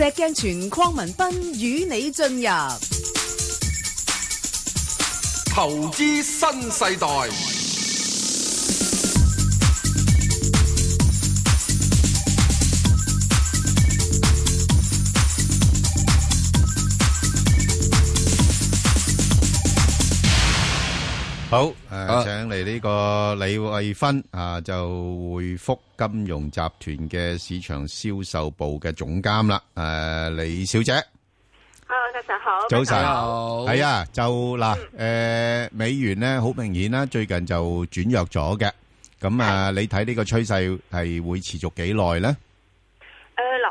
石鏡泉鄺文斌與你進入投資新世代。好誒，請嚟呢個李慧芬啊，就匯福金融集團嘅市場銷售部嘅總監啦。誒，李小姐，Hello，早晨好，早晨好，係啊，就嗱，誒，美元咧，好明顯啦，最近就轉弱咗嘅。咁啊，你睇呢個趨勢係會持續幾耐咧？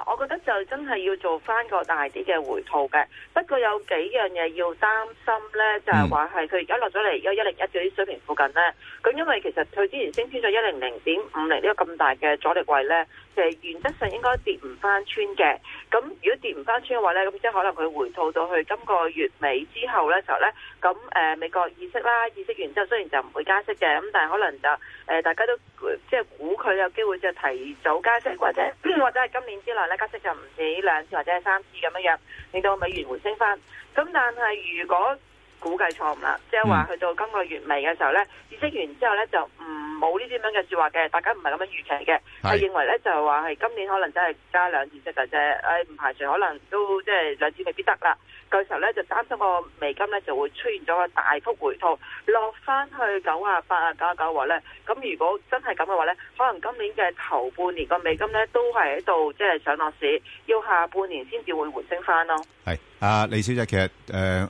我覺得就真係要做翻個大啲嘅回吐嘅，不過有幾樣嘢要擔心呢，就係話係佢而家落咗嚟而家一零一嘅啲水平附近呢。咁因為其實佢之前升穿咗一零零點五零呢個咁大嘅阻力位呢。其實原則上應該跌唔返穿嘅，咁如果跌唔返穿嘅話呢，咁即係可能佢回吐到去今個月尾之後呢，就呢咧，咁誒、呃、美國議息啦，議息完之後，雖然就唔會加息嘅，咁但係可能就誒、呃、大家都、呃、即係估佢有機會就提早加息，或者或者係今年之內呢加息就唔止兩次或者係三次咁樣樣，令到美元回升返。咁但係如果估計錯誤啦，即係話去到今個月尾嘅時候咧，議息、嗯、完之後咧就唔冇呢啲咁嘅說話嘅，大家唔係咁樣預期嘅，係是認為咧就係話係今年可能真係加兩次積嘅啫，誒唔排除可能都即係兩次未必得啦。嗰時候咧就擔心個美金咧就會出現咗個大幅回吐，落翻去九啊八啊九啊九話咧，咁如果真係咁嘅話咧，可能今年嘅頭半年個美金咧都係喺度即係上落市，要下半年先至會回升翻咯。係，阿、啊、李小姐，其實誒。呃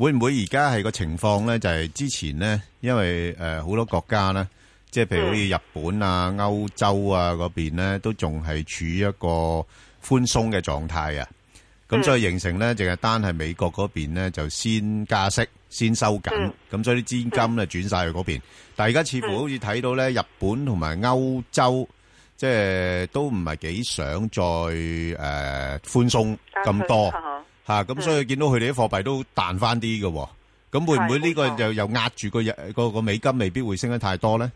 會唔會而家係個情況咧？就係之前咧，因為誒好多國家咧，即係譬如好似日本啊、歐洲啊嗰邊咧，都仲係處於一個寬鬆嘅狀態啊。咁所以形成咧，淨係單係美國嗰邊咧就先加息、先收緊。咁所以啲資金咧轉曬去嗰邊。但係而家似乎好似睇到咧，日本同埋歐洲即係都唔係幾想再誒寬鬆咁多。吓咁，啊、所以見到佢哋啲貨幣都彈翻啲嘅，咁會唔會呢個又的又壓住個日個個美金未必會升得太多咧？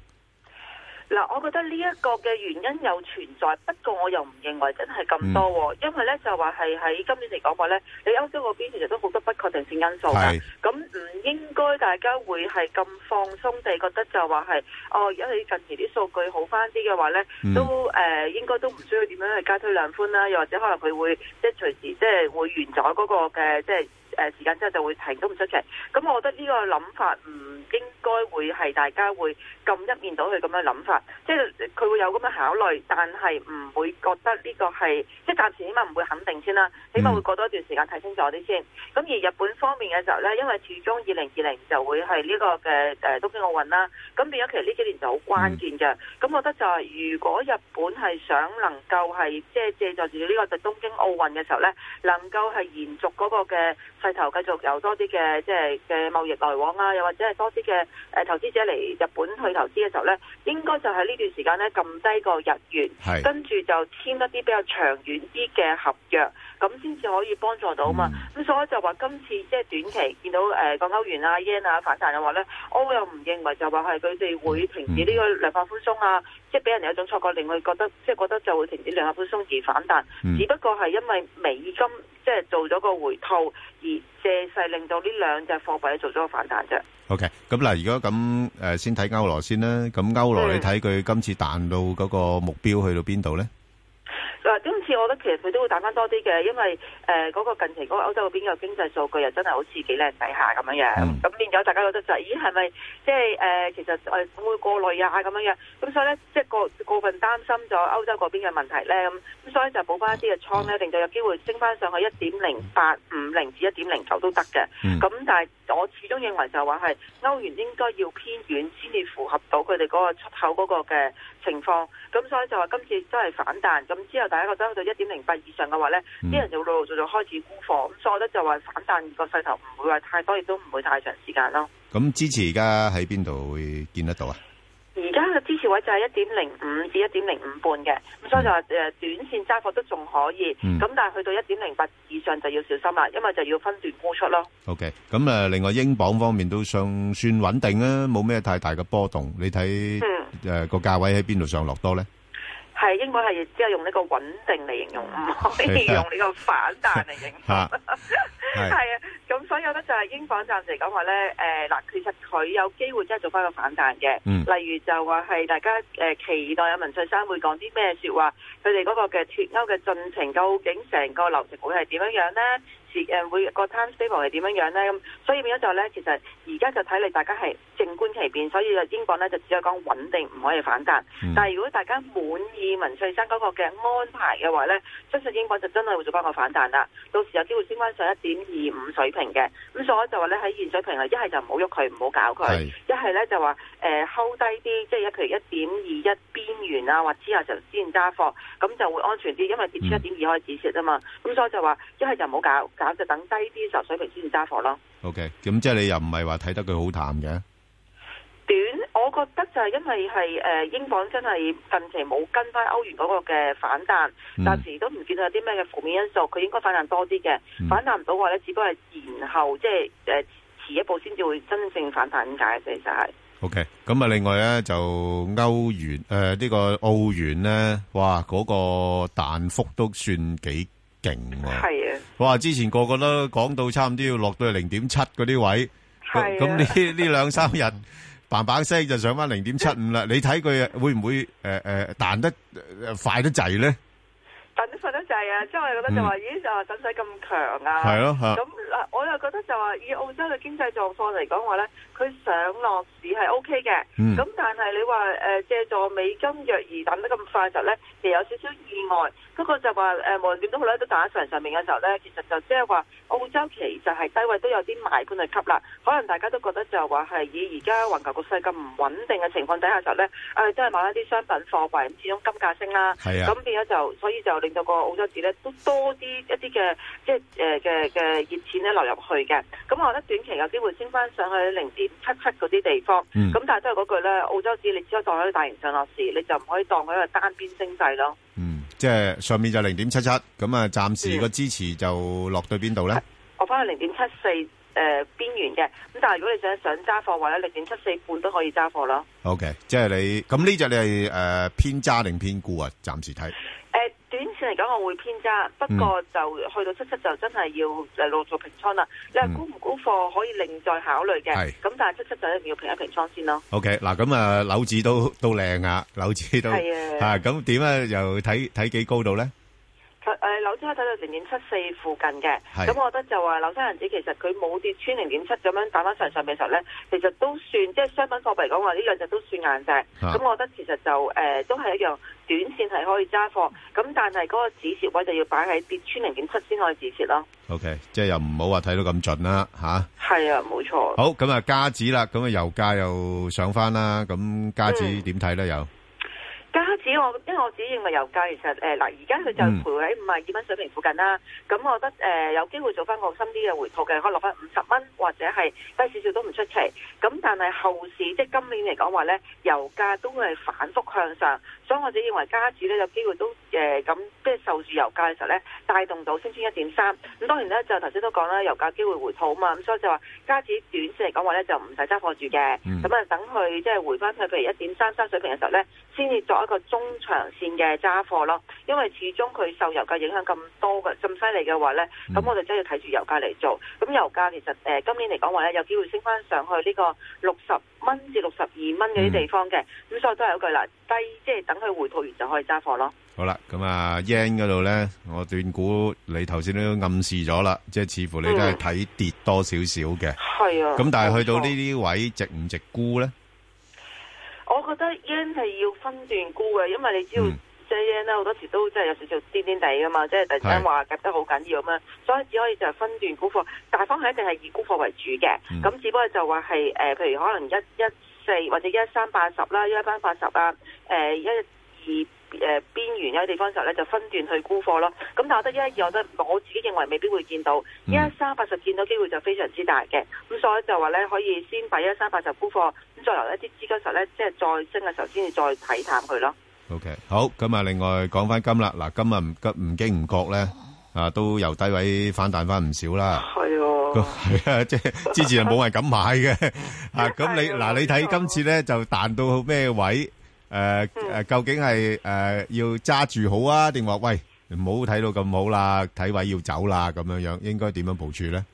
嗱、啊，我覺得呢一個嘅原因有存在，不過我又唔認為真係咁多，嗯、因為咧就話係喺今年嚟講話咧，你歐洲嗰邊其實都好多不確定性因素咁唔是、嗯嗯、應該大家會係咁放鬆地覺得就話係哦，如果近期啲數據好翻啲嘅話咧，都誒、呃、應該都唔需要點樣去加推量寬啦，又或者可能佢會即係隨時即係會完咗嗰、那個嘅即係。誒時間之後就會停都唔出奇，咁我覺得呢個諗法唔應該會係大家會咁一面倒去咁樣諗法，即係佢會有咁嘅考慮，但係唔會覺得呢個係即係暫時起碼唔會肯定先啦，起碼會過多一段時間睇清楚啲先。咁而日本方面嘅時候呢，因為始終二零二零就會係呢個嘅誒東京奧運啦，咁變咗其實呢幾年就好關鍵嘅，咁我覺得就係如果日本係想能夠係即係借助住呢個就東京奧運嘅時候呢，能夠係延續嗰個嘅。係投繼續有多啲嘅即係嘅貿易來往啊，又或者係多啲嘅誒投資者嚟日本去投資嘅時候咧，應該就係呢段時間咧，撳低個日元，是跟住就簽一啲比較長遠啲嘅合約，咁先至可以幫助到嘛。咁、嗯、所以就話今次即係短期見到誒個、呃、歐元啊、yen 啊反彈嘅話咧，我又唔認為就話係佢哋會停止呢個量化寬鬆啊，嗯、即係俾人有一種錯覺，令佢覺得即係覺得就會停止量化寬鬆而反彈。嗯、只不過係因為美金即係做咗個回吐而。借勢令到呢兩隻貨幣做咗個反彈啫。O K，咁嗱，如果咁誒，先睇歐羅先啦。咁歐羅你睇佢今次彈到嗰個目標去到邊度咧？嗱，今次我覺得其實佢都會彈翻多啲嘅，因為誒嗰、呃那個、近期嗰個歐洲嗰邊嘅經濟數據又真係好似幾靚底下咁樣樣，咁、嗯、變咗大家覺得就咦係咪即係誒其實誒、呃、會過濾啊咁樣樣，咁所以咧即係過過分擔心咗歐洲嗰邊嘅問題咧，咁、嗯、咁所以就補翻一啲嘅倉咧，令到有機會升翻上去一點零八五零至一點零九都得嘅，咁、嗯、但係我始終認為就係話係歐元應該要偏軟先至符合到佢哋嗰個出口嗰個嘅情況，咁所以就話今次真係反彈，咁之後。第一個走去到一點零八以上嘅話咧，啲、嗯、人就陸陸續續開始沽貨，咁所以咧就話反彈個勢頭唔會話太多，亦都唔會太長時間咯。咁支持而家喺邊度會見得到啊？而家嘅支持位就係一點零五至一點零五半嘅，咁所以就話誒短線揸貨都仲可以，咁、嗯、但係去到一點零八以上就要小心啦，因為就要分段沽出咯。O K. 咁誒，另外英鎊方面都尚算穩定啊，冇咩太大嘅波動。你睇誒個價位喺邊度上落多咧？係英鎊係只係用呢個穩定嚟形容，唔可以用呢個反彈嚟形容。係啊是的，咁 所以咧就係英鎊暫時嚟講話咧，誒、呃、嗱，其實佢有機會真係做翻個反彈嘅。嗯、例如就話係大家誒期待有文翠珊會講啲咩説話，佢哋嗰個嘅脱歐嘅進程究竟成個流程會係點樣樣咧？誒會、個 time table 係點樣樣咧？咁、嗯、所以變咗就係咧，其實而家就睇嚟，大家係靜觀其變。所以英國咧就只係講穩定，唔可以反彈。嗯、但係如果大家滿意文翠珊嗰個嘅安排嘅話咧，相信英國就真係會做翻個反彈啦。到時有機會升翻上一點二五水平嘅。咁所以就話咧喺現水平啊，是呃、一係就唔好喐佢，唔好搞佢。一係咧就話誒候低啲，即係譬如一點二一邊緣啊，或者之後就先揸貨，咁就會安全啲，因為跌出一點二開始蝕啊嘛。咁所以就話一係就唔好搞。就等低啲就水平先至揸貨咯。O K. 咁即係你又唔係話睇得佢好淡嘅？短，我覺得就係因為係誒、呃，英鎊真係近期冇跟翻歐元嗰個嘅反彈，暫時、嗯、都唔見到有啲咩嘅負面因素，佢應該反彈多啲嘅。嗯、反彈唔到嘅話咧，只不過係然後即係誒，遲、呃、一步先至會真正反彈。點解其實係 O K. 咁啊，okay, 另外咧就歐元誒、呃這個、呢、那個澳元咧，哇嗰個彈幅都算幾。勁喎，我話之前個個都講到差唔多要落到去零點七嗰啲位，咁呢呢兩三日嘭嘭聲就上翻零點七五啦，你睇佢會唔會誒誒彈得誒快得滯咧？係啊，即係我覺得就話，咦就話使唔使咁強啊？係咯，嚇。咁我又覺得就話，以澳洲嘅經濟狀況嚟講話咧，佢上落市係 O K 嘅。咁但係你話誒藉助美金弱而彈得咁快嘅時候咧，其實有少少意外。不過就話誒，無論點都好咧，都打上上面嘅時候咧，其實就即係話澳洲其實係低位都有啲賣盤嚟吸啦。可能大家都覺得就話係以而家環球局勢咁唔穩定嘅情況底下嘅時候咧，誒真係買一啲商品貨幣，咁始終金價升啦，係啊。咁變咗就所以就令到個澳洲。市咧都多啲一啲嘅即係誒嘅嘅熱錢咧流入去嘅，咁我覺得短期有機會升翻上去零點七七嗰啲地方，咁、嗯、但係都係嗰句咧，澳洲市你只可以當佢一個大型上落市，你就唔可以當佢一個單邊升勢咯。嗯，即係上面就零點七七，咁啊，暫時個支持就落到邊度咧？我翻去零點七四誒邊緣嘅，咁但係如果你想上揸貨或者零點七四半都可以揸貨啦。O、okay, K，即係你咁呢隻你係誒、呃、偏揸定偏沽啊？暫時睇。真係講我會偏揸，不過就去到七七就真係要誒陸續平倉啦。你話沽唔沽貨可以另再考慮嘅，咁但係七七就一定要平一平倉先咯。O K，嗱咁啊，紐指都都靚啊，紐指都係啊吓，咁點咧？又睇睇幾高度咧？誒紐西睇到零點七四附近嘅，咁是我覺得就話紐西銀紙其實佢冇跌穿零點七咁樣打翻上上嘅時候咧，其實都算即係商品貨幣嚟講話，呢兩隻都算硬嘅。咁、啊、我覺得其實就誒、呃、都係一樣，短線係可以揸貨，咁但係嗰個止蝕位就要擺喺跌穿零點七先可以止蝕咯。OK，即係又唔好話睇到咁準啦，吓？係啊，冇、啊、錯。好，咁啊，加紙啦，咁啊，油價又上翻啦，咁加紙點睇咧？又、嗯。我因為我自己認為油價其實誒嗱，而家佢就徘徊喺五十二蚊水平附近啦。咁、嗯、我覺得誒、呃、有機會做翻個深啲嘅回吐嘅，可以落翻五十蚊或者係低少少都唔出奇。咁但係後市即係今年嚟講話咧，油價都會係反覆向上，所以我自己認為家子咧有機會都誒咁即係受住油價嘅時候咧，帶動到升穿一點三。咁當然咧就頭先都講啦，油價機會回吐啊嘛，咁所以就話家子短期嚟講話咧就唔使揸貨住嘅，咁啊、嗯、等佢即係回翻去譬如一點三三水平嘅時候咧，先至作一個中長線嘅揸貨咯，因為始終佢受油價影響咁多嘅咁犀利嘅話咧，咁、嗯、我哋真係要睇住油價嚟做。咁油價其實誒、呃、今年嚟講話咧，有機會升翻上去呢個六十蚊至六十二蚊嗰啲地方嘅。咁、嗯、所以都係嗰句啦，低即係、就是、等佢回吐完就可以揸貨咯。好啦，咁啊 yen 嗰度咧，我斷估你頭先都暗示咗啦，即係似乎你都係睇跌多少少嘅。係、嗯、啊。咁但係去到呢啲位值唔值沽咧？我覺得 yen 係要分段沽嘅，因為你知道，即 yen 咧好多時都即係有少少癲癲地噶嘛，即係突然間話夾得好緊要咁樣，是所以只可以就分段沽貨，大方向一定係以沽貨為主嘅，咁、嗯、只不過就話係誒，譬如可能一一四或者一三八十啦，一三八十啦，誒一。而誒邊緣有啲地方嘅時候咧，就分段去沽貨咯。咁但係我覺得一二，我覺得我自己認為未必會見到。一三八十見到機會就非常之大嘅。咁所以就話咧，可以先擺一三八十沽貨，咁再由一啲資金嘅時候咧，即係再升嘅時候先至再睇淡佢咯。OK，好。咁啊，另外講翻金啦。嗱，今日唔唔經唔覺咧啊，都由低位反彈翻唔少啦。係啊，即係之前冇係咁買嘅啊。咁你嗱，你睇今次咧就彈到咩位？誒誒，呃嗯、究竟係誒、呃、要揸住好啊，定話喂唔好睇到咁好啦，睇位要走啦咁樣樣，應該點樣部署咧？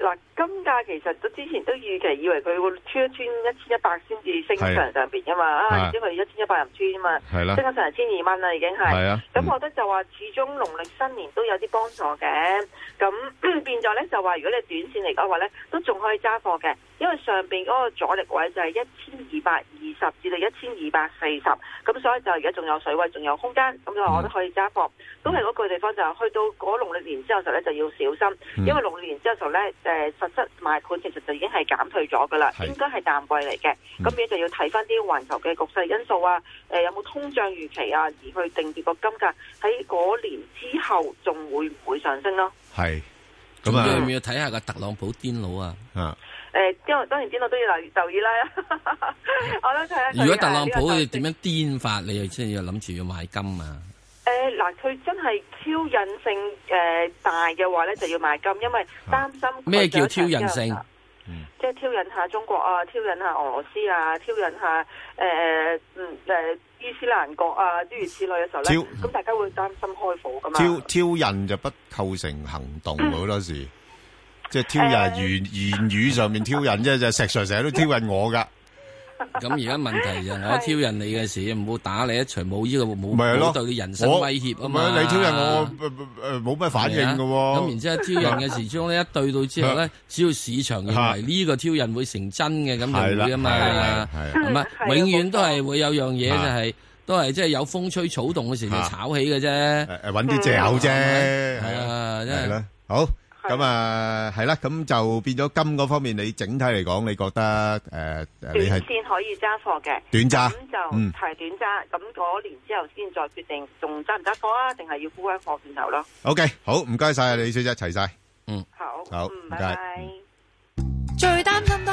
嗱，金價其實都之前都預期以為佢會穿一穿一千一百先至升上上邊噶嘛，因為一千一百入穿啊，啊，啊1，村嘛，啊升咗成千二蚊啦已經係。咁、啊嗯、我覺得就話始終農曆新年都有啲幫助嘅，咁 變咗咧就話如果你係短線嚟講話咧，都仲可以揸貨嘅。因為上邊嗰個阻力位就係一千二百二十至到一千二百四十，咁所以就而家仲有水位，仲有空間，咁我都可以揸貨。都係嗰個地方就去到嗰農曆年之後咧，就要小心，因為農曆年之後咧誒，實質買盤其實就已經係減退咗噶啦，應該係淡季嚟嘅。咁你就要睇翻啲環球嘅局勢因素啊，誒有冇通脹預期啊，而去定結個金價喺嗰年之後仲會唔會上升咯？係咁啊！要睇下個特朗普癲佬啊！誒，因為當然邊度都要留意留意啦。 我咧就如果特朗普要點樣癲法，你又真係要諗住要買金啊？誒、呃，嗱，佢真係挑釁性誒大嘅話咧，就要買金，因為擔心咩叫挑釁性？即係挑釁下中國啊，挑釁下俄羅斯啊，挑釁下誒、呃、嗯誒、呃、伊斯蘭國啊，諸如此類嘅時候咧，咁挑大家會擔心開火㗎嘛。挑挑釁就不構成行動好多時。嗯即係挑釁，言言語上面挑釁啫，就石常成日都挑釁我噶。咁而家問題就係我挑釁你嘅時，唔好打你一場，冇呢個，冇冇對你人身威脅啊嘛。你挑釁我冇乜反應噶。咁然之後挑釁嘅時，中咧一對到之後咧，只要市場認為呢個挑釁會成真嘅，咁就會啊嘛。係啊係啊係啊。咁啊，永遠都係會有樣嘢就係都係即係有風吹草動嘅時就炒起嘅啫。誒誒，揾啲借口啫。係啊，真係好。咁啊，係啦，咁就變咗金嗰方面，你整體嚟講，你覺得誒，你係短線可以揸貨嘅，短揸，咁就嗯係短揸，咁嗰年之後先再決定，仲揸唔揸貨啊？定係要沽翻貨轉頭咯？OK，好，唔該晒啊李小姐，齊晒，嗯，好，好，拜拜。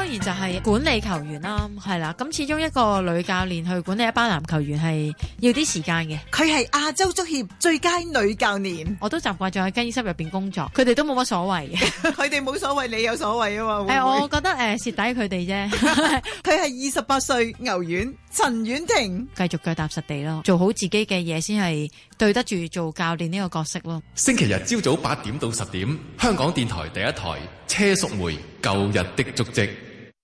當然就係管理球員啦，係啦，咁始終一個女教練去管理一班男球員係要啲時間嘅。佢係亞洲足協最佳女教練。我都習慣咗喺更衣室入邊工作，佢哋都冇乜所謂，佢哋冇所謂，你有所謂啊嘛。誒，我覺得誒蝕底佢哋啫。佢係二十八歲牛丸，陳婉婷，繼續腳踏實地咯，做好自己嘅嘢，先係對得住做教練呢個角色咯。星期日朝早八點到十點，香港電台第一台，車淑梅，舊日的足跡。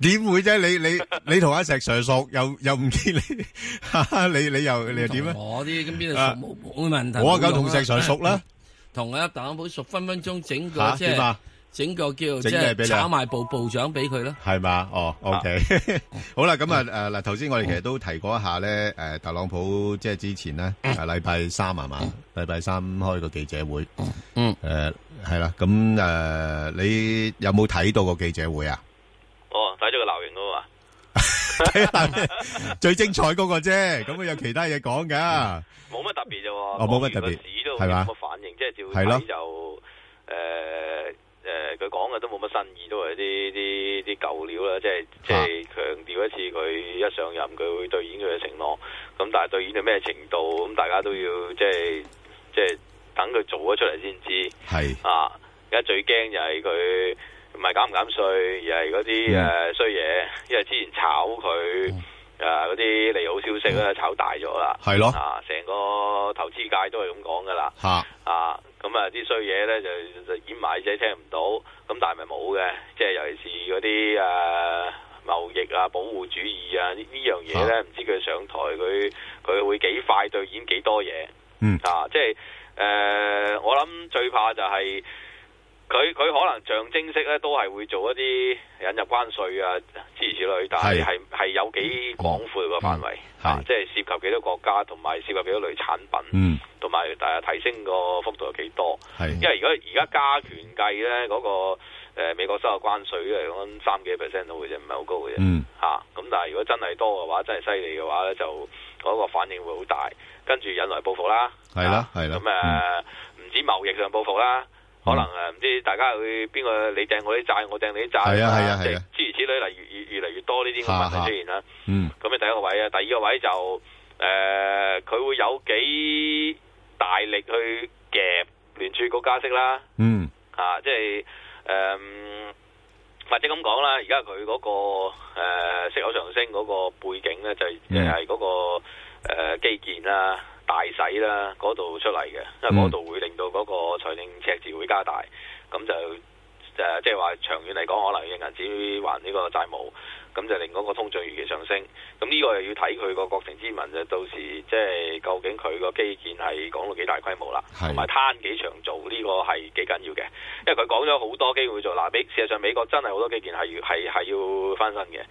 點會啫？你你你同阿石 Sir 熟又又唔見你，你你又你又點啊？我啲咁邊度熟冇冇嘅問題。我梗同石 Sir 熟啦，同阿特朗普熟，分分鐘整個即係整個叫即係炒賣部部長俾佢咯。係嘛？哦，OK，好啦，咁啊誒嗱，頭先我哋其實都提過一下咧，誒特朗普即係之前咧，係禮拜三係嘛？禮拜三開個記者會，嗯誒係啦，咁誒你有冇睇到個記者會啊？哦，睇咗個鬧人噶嘛？ 最精彩嗰個啫，咁佢 有其他嘢講噶，冇乜特別啫。哦，冇乜特別，市都冇乜反應，吧即係照睇就誒誒，佢講嘅都冇乜新意，都係啲啲啲舊料啦。即係即係強調一次，佢一上任佢會兌現佢嘅承諾，咁但係兌現到咩程度，咁大家都要即係即係等佢做咗出嚟先知。係是啊，而家最驚就係佢。唔係減唔減稅，而係嗰啲誒衰嘢，因為、嗯呃、之前炒佢誒嗰啲利好消息咧，炒大咗啦，係、嗯、咯，啊，成個投資界都係咁講噶啦，啊，咁、嗯、啊啲衰嘢咧就掩埋自己聽唔到，咁但係咪冇嘅？即係尤其是嗰啲誒貿易啊、保護主義啊呢呢樣嘢咧，唔、啊、知佢上台佢佢會幾快兌現幾多嘢？嗯，啊，即係誒、呃，我諗最怕就係、是。佢佢可能象徵式咧，都係會做一啲引入關稅啊，諸如此類。但係係係有幾廣闊個範圍嚇，即係、就是、涉及幾多國家，同埋涉及幾多類產品，同埋大家提升個幅度有幾多？係是因為而家而家加權計咧，嗰、那個美國收入關稅嚟講三幾 percent 到嘅啫，唔係好高嘅。啫、嗯。嚇、啊，咁但係如果真係多嘅話，真係犀利嘅話咧，就嗰個反應會好大，跟住引來報復啦。係、啊、啦，係啦。咁誒，唔、嗯啊、止貿易上報復啦。可能啊，唔知大家去邊個你掟我啲債，我掟你啲債，即係諸如此類，嚟越越越嚟越多呢啲問題出現啦、啊啊。嗯，咁啊第一個位啊，第二個位就誒，佢、呃、會有幾大力去夾聯儲局加息啦。啊、嗯，嚇、啊，即係誒，或者咁講啦，而家佢嗰個誒息口上升嗰個背景咧，就係、是、嗰、那個誒基建啦。嗯嗯大洗啦，嗰度出嚟嘅，因為嗰度會令到嗰個財政赤字會加大，咁就誒，即係話長遠嚟講，可能用銀紙還呢個債務，咁就令嗰個通脹預期上升。咁呢個又要睇佢個國情之民國情咨文就到時，即係究竟佢個基建係講到幾大規模啦，同埋攤幾場做，呢個係幾緊要嘅，因為佢講咗好多機會做。嗱，美事實上美國真係好多基建係係係要翻新嘅，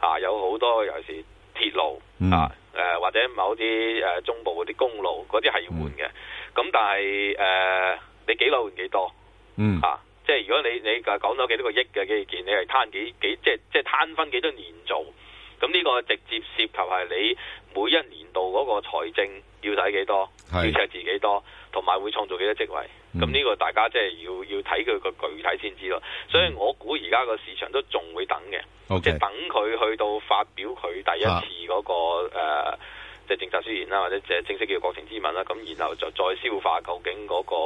啊，有好多尤其是鐵路啊。誒、呃、或者某啲誒、呃、中部嗰啲公路嗰啲係要換嘅，咁、嗯嗯嗯、但係誒、呃、你幾耐換幾多？嗯，嚇，即係如果你你講咗幾多個億嘅基建，你係攤幾，幾即係即係攤分幾多年做，咁呢個直接涉及係你每一年度嗰個財政要使幾多，要赤字幾多，同埋會創造幾多職位，咁呢、嗯、個大家即係要要睇佢個具體先知咯。所以我估而家個市場都仲會等嘅。即係 Okay. 等佢去到發表佢第一次嗰、那個即係、啊呃就是、政策宣言啦，或者即係正式叫國情咨文啦，咁然後再再消化究竟嗰、那個、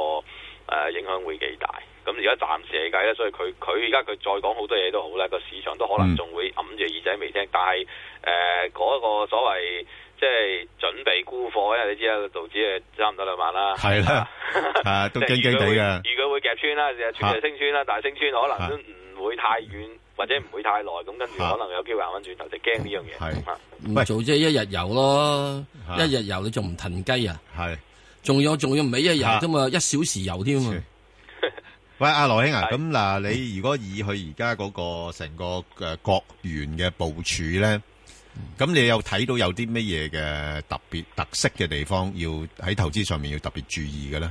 呃、影響會幾大。咁而家暫時嚟計咧，所以佢佢而家佢再講好多嘢都好咧，個市場都可能仲會揞住耳仔未聽。嗯、但係誒嗰個所謂即係、就是、準備沽貨，因為你知啦，道指啊差唔多兩萬啦，係啦，誒都雞雞地嘅。預佢 會,會夾穿啦，日日穿就升穿啦，但係升穿可能都唔、啊、～唔會太遠或者唔會太耐，咁跟住可能有機會行翻轉頭，就驚呢樣嘢。唔做即係一日遊咯，一日遊你仲唔騰雞啊？係，仲有仲要唔係一日遊啫嘛，一小時遊添嘛。喂，阿羅兄啊，咁嗱，你如果以佢而家嗰個成個嘅國元嘅部署咧，咁你有睇到有啲乜嘢嘅特別特色嘅地方，要喺投資上面要特別注意嘅咧？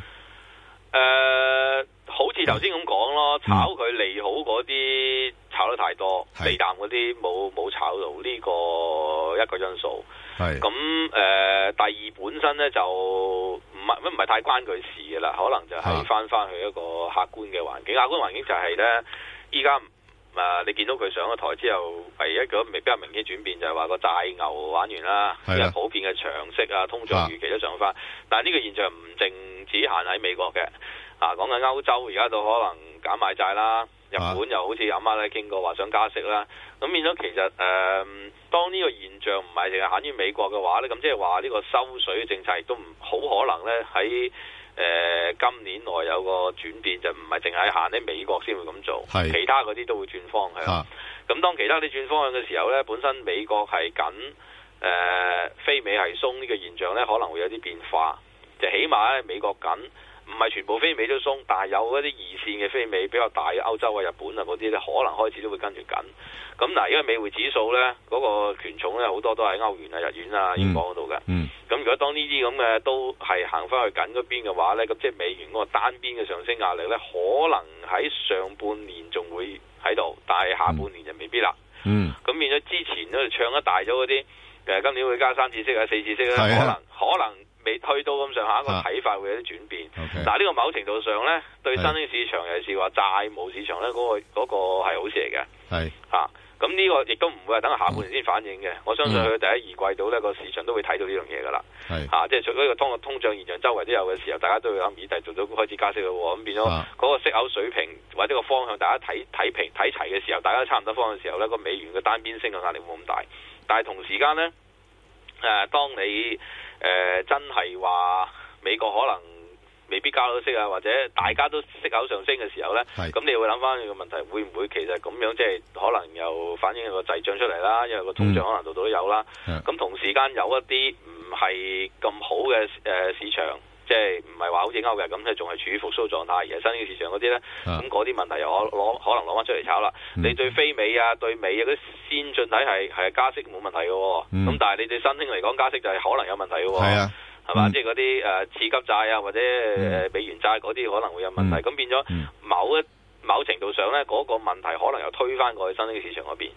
誒，好似頭先咁講。我炒佢利好嗰啲炒得太多，地淡嗰啲冇冇炒到呢個一個因素。係咁誒，第二本身咧就唔係乜唔係太關佢事㗎啦。可能就係翻翻去一個客觀嘅環境，客觀環境就係咧，依家誒你見到佢上咗台之後，唯一嗰未比較明顯轉變，就係話個債牛玩完啦，係普遍嘅常識啊，通脹預期都上翻。但係呢個現象唔淨止限喺美國嘅啊，講緊歐洲而家都可能。減買債啦，啊、日本又好似阿媽咧傾過話想加息啦，咁變咗其實誒、呃，當呢個現象唔係淨係限於美國嘅話咧，咁即係話呢個收水政策亦都唔好可能咧喺誒今年內有個轉變，就唔係淨係限喺美國先會咁做，是其他嗰啲都會轉方向。咁、啊、當其他啲轉方向嘅時候咧，本身美國係緊誒、呃，非美係鬆呢個現象咧，可能會有啲變化，就起碼咧美國緊。唔係全部非美都鬆，但係有嗰啲二線嘅非美比較大嘅歐洲啊、日本啊嗰啲咧，可能開始都會跟住緊。咁嗱，因為美匯指數咧，嗰、那個權重咧好多都係歐元啊、日元啊、英鎊嗰度嘅。咁、嗯嗯、如果當這這呢啲咁嘅都係行翻去緊嗰邊嘅話咧，咁即係美元嗰個單邊嘅上升壓力咧，可能喺上半年仲會喺度，但係下半年就未必啦。咁、嗯嗯、變咗之前都，唱得大咗嗰啲，誒今年會加三次息啊、四次息咧的，可能可能。未去到咁上下，一個睇法會有啲轉變。嗱 Okay.、啊，呢、這個某程度上呢，對新興市場，是尤其是話債務市場呢，嗰、那個嗰係、那個、好事嚟嘅。係嚇是，咁呢、啊、個亦都唔會係等下半年先反映嘅。嗯、我相信佢第一二季到呢個市場都會睇到呢樣嘢㗎啦。係是、啊、即係除咗個通個通脹現象周圍都有嘅時候，大家都會諗，咦，第做到開始加息啦喎，咁變咗嗰個息口水平或者個方向，大家睇睇平睇齊嘅時候，大家差唔多方向嘅時候呢，個美元嘅單邊升嘅壓力冇咁大。但係同時間呢，誒、呃，當你，當你誒、呃、真係話美國可能未必交到息啊，或者大家都息口上升嘅時候呢，咁、嗯、你會諗翻呢個問題，會唔會其實咁樣即係可能又反映個滯脹出嚟啦？因為個通脹可能度度都有啦。咁、嗯、同時間有一啲唔係咁好嘅誒、呃、市場。即係唔係話好似歐日咁，即仲係處於復甦狀態。而新興市場嗰啲咧，咁嗰啲問題又攞攞可能攞翻出嚟炒啦。嗯、你對非美啊、對美啊嗰啲先進體係係加息冇問題嘅、哦，咁、嗯、但係你對新興嚟講加息就係可能有問題嘅。係啊，係嘛？即係嗰啲誒次級債啊，或者美元是、啊、債嗰啲可能會有問題。咁、嗯嗯、變咗某一某程度上咧，嗰、嗰個問題可能又推翻過去新興市場嗰邊。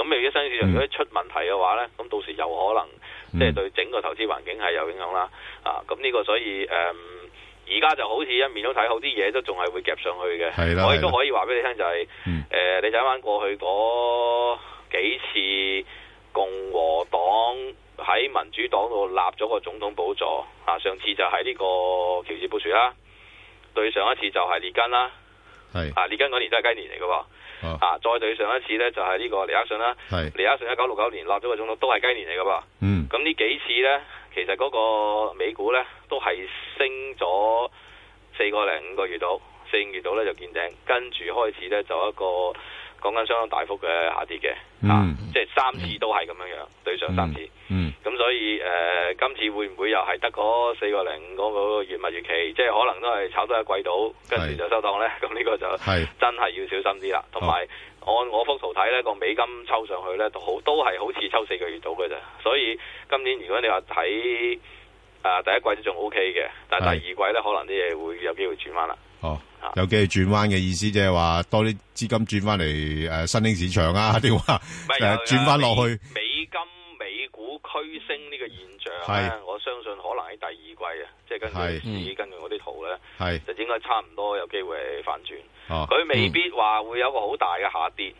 咁如果新市場如果出問題嘅話呢，咁、嗯、到時有可能即係、就是、對整個投資環境係有影響啦。嗯、啊，咁呢個所以誒，而、嗯、家就好似一面都睇好啲嘢，都仲係會夾上去嘅。我亦的都可以話俾你聽就係、是、誒的、呃，你睇翻過去嗰幾次共和黨喺民主黨度立咗個總統寶座啊，上次就係呢個喬治布殊啦，對、啊、上一次就係列根啦，係啊，的啊，列根嗰年都係雞年嚟嘅喎。啊！哦、再對上一次呢，就係、是、呢個尼克遜啦。是尼克遜一九六九年落咗個總統，都係雞年嚟噶噃。嗯。咁呢幾次呢，其實嗰個美股呢，都係升咗四個零五個月到，四五月到呢，就見頂，跟住開始呢，就一個講緊相當大幅嘅下跌嘅。嗯。啊、即係三次都係咁樣樣，嗯、對上三次。嗯。嗯咁所以誒、呃，今次會唔會又係得嗰四個零嗰個月蜜月期？即係可能都係炒多一季度，跟住就收檔咧。咁呢是個就係真係要小心啲啦。同埋按我幅圖睇咧，個美金抽上去咧都好，都係好似抽四個月到嘅啫。所以今年如果你話睇啊第一季都仲 O K 嘅，但係第二季咧是可能啲嘢會有機會轉彎啦。哦，有機會轉彎嘅意思，即係話多啲資金轉翻嚟誒新興市場啊，定話誒轉翻落去。升呢個現象咧，我相信可能喺第二季啊，即係根據你根據我啲圖咧，就應該差唔多有機會係反轉。佢未必話會有個好大嘅下跌，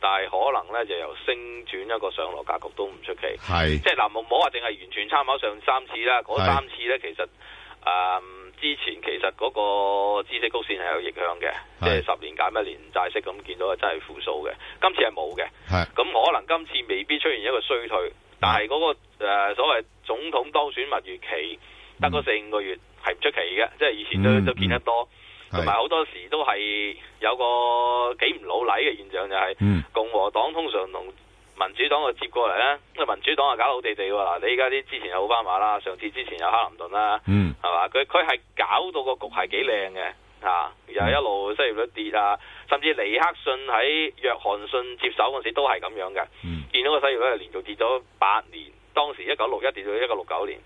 但係可能咧就由升轉一個上落格局都唔出奇。即係嗱，唔好話淨係完全參考上三次啦。嗰三次咧其實誒之前其實嗰個知識曲線係有逆向嘅，即係十年減一年債息咁見到係真係負數嘅。今次係冇嘅，咁可能今次未必出現一個衰退。但係嗰、那個誒、呃、所謂總統當選蜜月期得嗰四五個月係唔出奇嘅，即係以前都、嗯、都見得多，同埋好多時都係有個幾唔老禮嘅現象就係、是，嗯、共和黨通常同民主黨個接過嚟咧，因為民主黨啊搞好地地喎，你而家啲之前有奧巴馬啦，上次之前有克林頓啦，係嘛、嗯，佢佢係搞到個局係幾靚嘅，吓、啊、又一路失業率跌啊。嗯甚至尼克遜喺約翰遜接手嗰時都係咁樣嘅，見到個石油咧係連續跌咗八年，當時一九六一跌到一九六九年，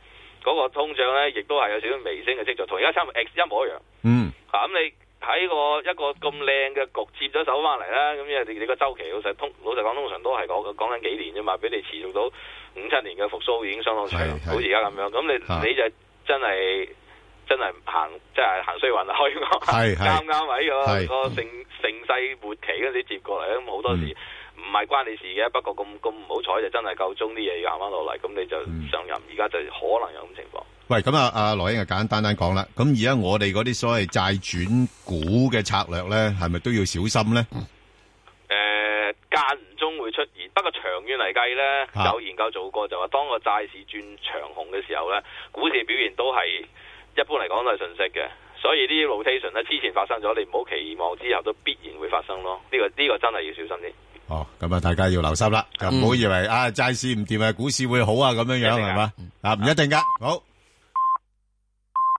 嗰、那個通脹咧亦都係有少少微升嘅跡象，同而家差唔多一模一樣。嗯，啊咁、嗯、你喺個一個咁靚嘅局接咗手翻嚟啦。咁因為你你個週期實老實通老實講通常都係講講緊幾年啫嘛，俾你持續到五七年嘅復甦已經相當長，好似而家咁樣。咁是你你就真係。真係行，即係行衰運開安，啱啱位個個盛盛世末期嗰時接過嚟，咁好多時唔係關你事嘅。不過咁咁唔好彩，就真係夠鐘啲嘢，要行翻落嚟，咁你就上任。而家就可能有咁情況。喂，咁啊，阿羅英又簡單單講啦。咁而家我哋嗰啲所謂債轉股嘅策略咧，係咪都要小心咧？誒，間唔中會出現，不過長遠嚟計咧，有研究做過就話，當個債市轉長紅嘅時候咧，股市表現都係。一般嚟講都係信息嘅，所以呢啲 rotation 咧，之前發生咗，你唔好期望之後都必然會發生咯。呢、這個呢、這個真係要小心啲。哦，咁啊，大家要留心啦，嗯、就唔好以為啊債市唔掂啊，股市會好啊咁樣樣係嘛，啊唔一定噶，啊、好。